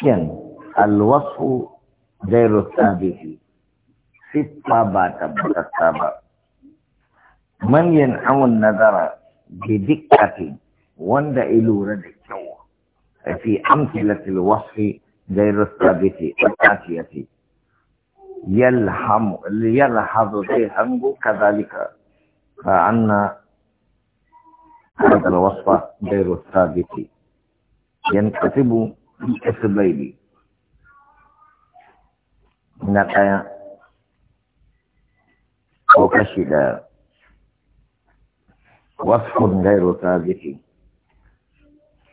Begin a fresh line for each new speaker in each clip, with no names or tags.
كان الوصف غير الثابت في الطابات بتتابع من ينعو النظر بدقة وند إلو رد في أمثلة الوصف غير الثابت الآتية يلحم يلحظ ذهنه كذلك فأن هذا الوصف غير الثابت ينكتب بالكسبين من الآية وكشف وصف غير ثابت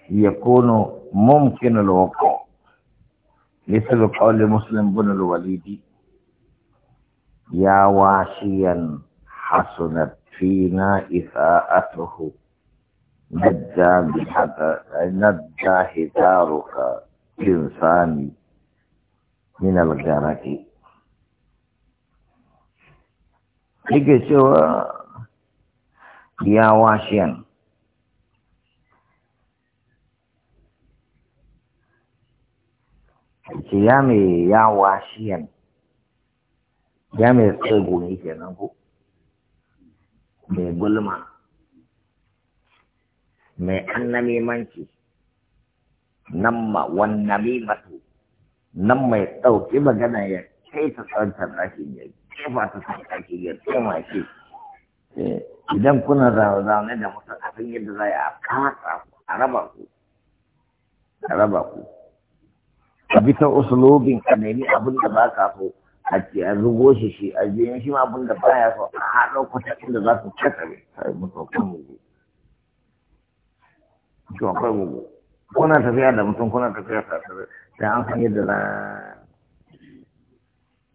يكون ممكن الوقوع مثل قول مسلم بن الوليد يا واشيا حسنت فينا إساءته ندى بحذا ندى هدارك insani min al-garati yake cewa ya washiyan ke ya mai ya ya ne kenan ko mai gulma mai Nan ma wan mato, nan mai ɗauki magana ya kaita tsantar ɗakin ya ba ta san ɗakin ya ma ke eh, idan kuna zaune da mutum a san yadda za a kasa ku a raba ku a raba ku a bi ta usulobin ka nemi abin da ba ka so a ce a zubo shi shi a jiyan shi ma abin da ba ya so a haɗo kwata ta inda za su kasa ne sai mutum kan mugu. Shi akwai mugu. kuna tafiya da mutum kuna tafiya tare da an san yadda za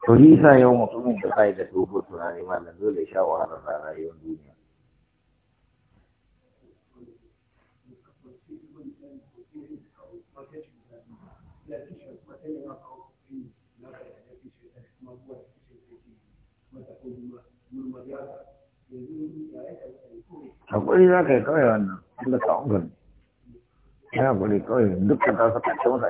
to hisa yau mutumin da sai da dogo tunani mallan dole sha rayuwar duniya Hakuri za ka yi kawai wannan, inda ka ya guri kawai dukkan ta saka ce masa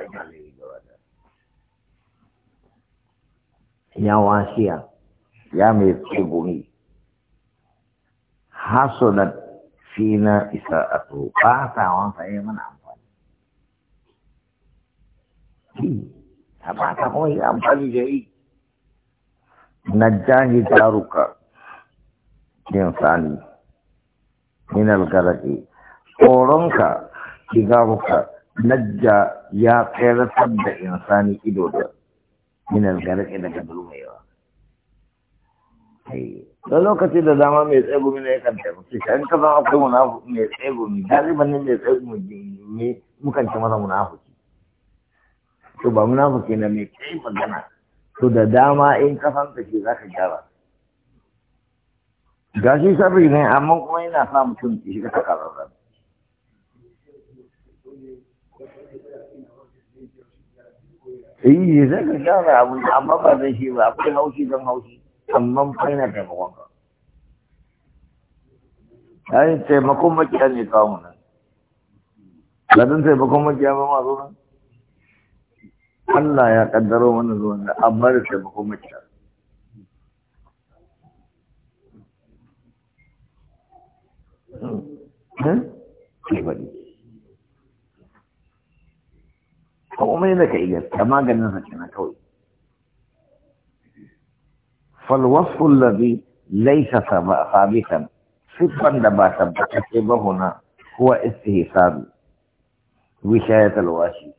ina ya wasiya ya mai tsegumi hasodat fina isa'atu ba ta wansa ya mana amfani ta ba ta kuma yi amfani da yi najjani daruka insani min algaraki tsoronka kizamuka najja ya tsayar da insani ido da minal garake daga dulmewa da lokaci da dama mai tsaye gumi na yakan taimaki ka in ka zama akwai munafuki mai tsaye gumi galiban ne mai tsaye gumi ne mukan ci masa munafuki to ba munafuki na mai kai magana to da dama in ka ta ke za ka gyara gashi sabri ne amma kuma yana sa mutum ki shiga takararra yi eh, zai ka gyara abu amma ba zai shi ba akwai haushi don haushi amma faina taimakon ka yi taimakon makiya ne kawo mu nan ladin taimakon makiya ba ma zo nan Allah ya kaddaro mana zuwan da amma da taimakon makiya Hmm? Ke bari. فالوصف الذي ليس ثابتا لما نباتا كتبه هنا هو استهساب وشاية الواشي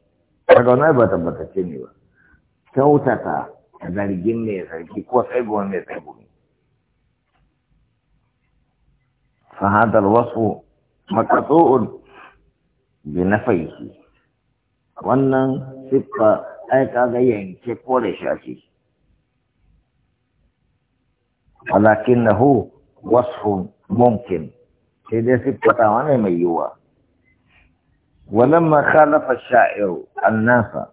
فقال نبا تبتا تنيوا كوتا تا كذل جنية كي كوا سيبون يتبون فهذا الوصف مقطوع بنفيه wannan siffa ai kaga yanke kore shi ake walakinahu wasfun mumkin sai dai siffa ta wani mai yiwuwa walamma khalafa sha'iru annasa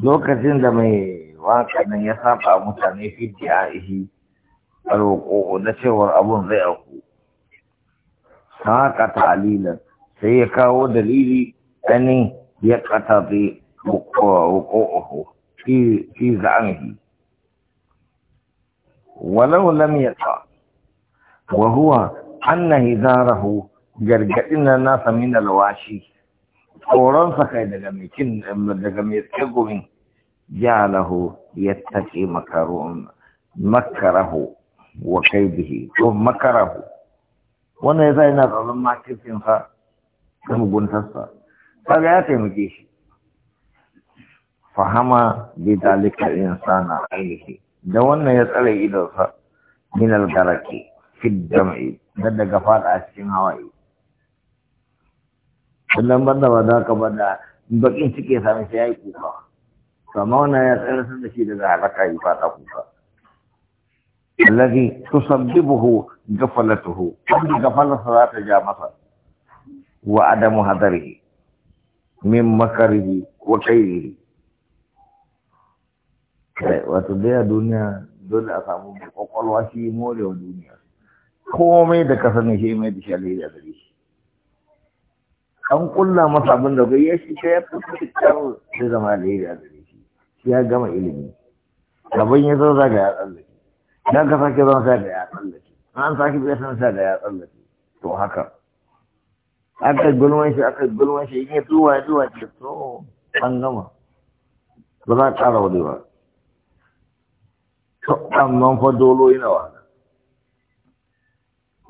lokacin da mai waka nan ya saba mutane fi diyahi a roƙo na cewar abun zai auku haka ta'alilan sai ya kawo dalili ganin يقتضي وقوعه في في زعمه ولو لم يقع وهو أن هزاره gargaɗin nan nasa min alwashi tsoronsa kai daga mikin daga mai tsegumin ya lahu ya taƙi makarahu wa kai bihi ko makarahu wannan ya sa yana tsoron makirfinsa da muguntarsa kaga ya taimake shi fahama bi dalika insana ainihi da wannan ya tsare idonsa min algaraki fi dam'i da daga fada a cikin hawaye sannan banda ba za ka bada bakin cike sami sai ya yi kuka to amma wannan ya tsare da shi daga halaka yi fada kuka الذي تسببه za ta ja masa. Wa Adamu هدره min makarihi wa kairihi wato daya duniya dole a samu kwakwalwa shi wa duniya komai da ka sani shi mai da shi alheri a gare shi an kulla masa abin da ya shi ta ya fi kyau zai zama alheri a gare shi shi ya gama ilimi gaban ya zo ga ya tsallake dan ka sake zan sa ga ya tsallake an sake bai san sa ga ya tsallake to haka aka gulman shi aka gulman shi ne zuwa zuwa ce to an gama ba za a ƙara wani ba to amma fa dolo yana wa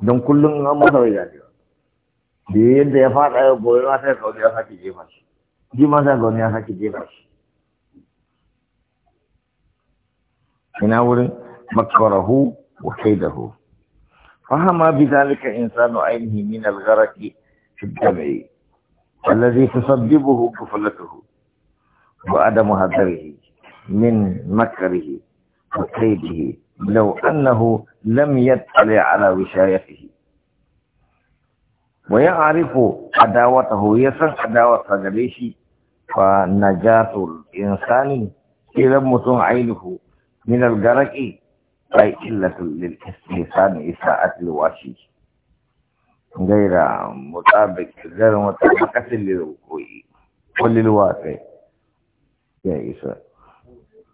don kullum an masa bai gani ba da yadda ya faɗa ya goyi ma sai kauni ya sake jefa shi ji ma sai kauni ya sake jefa shi ina wurin makarahu wa kaidahu fahama bi zalika insanu ainihi min al-gharaqi في الجمع الذي تسببه كفلته وعدم هدره من مكره وكيده لو أنه لم يطلع على وشايته ويعرف عداوته يسر عداوة غريشي فنجاة الإنسان إذا متن عينه من الجرك أي قلة للإستحسان إساءة الواشي gaira ya yira mota bɛɛ k'i kɛ zari ko k'o ye ko ya isa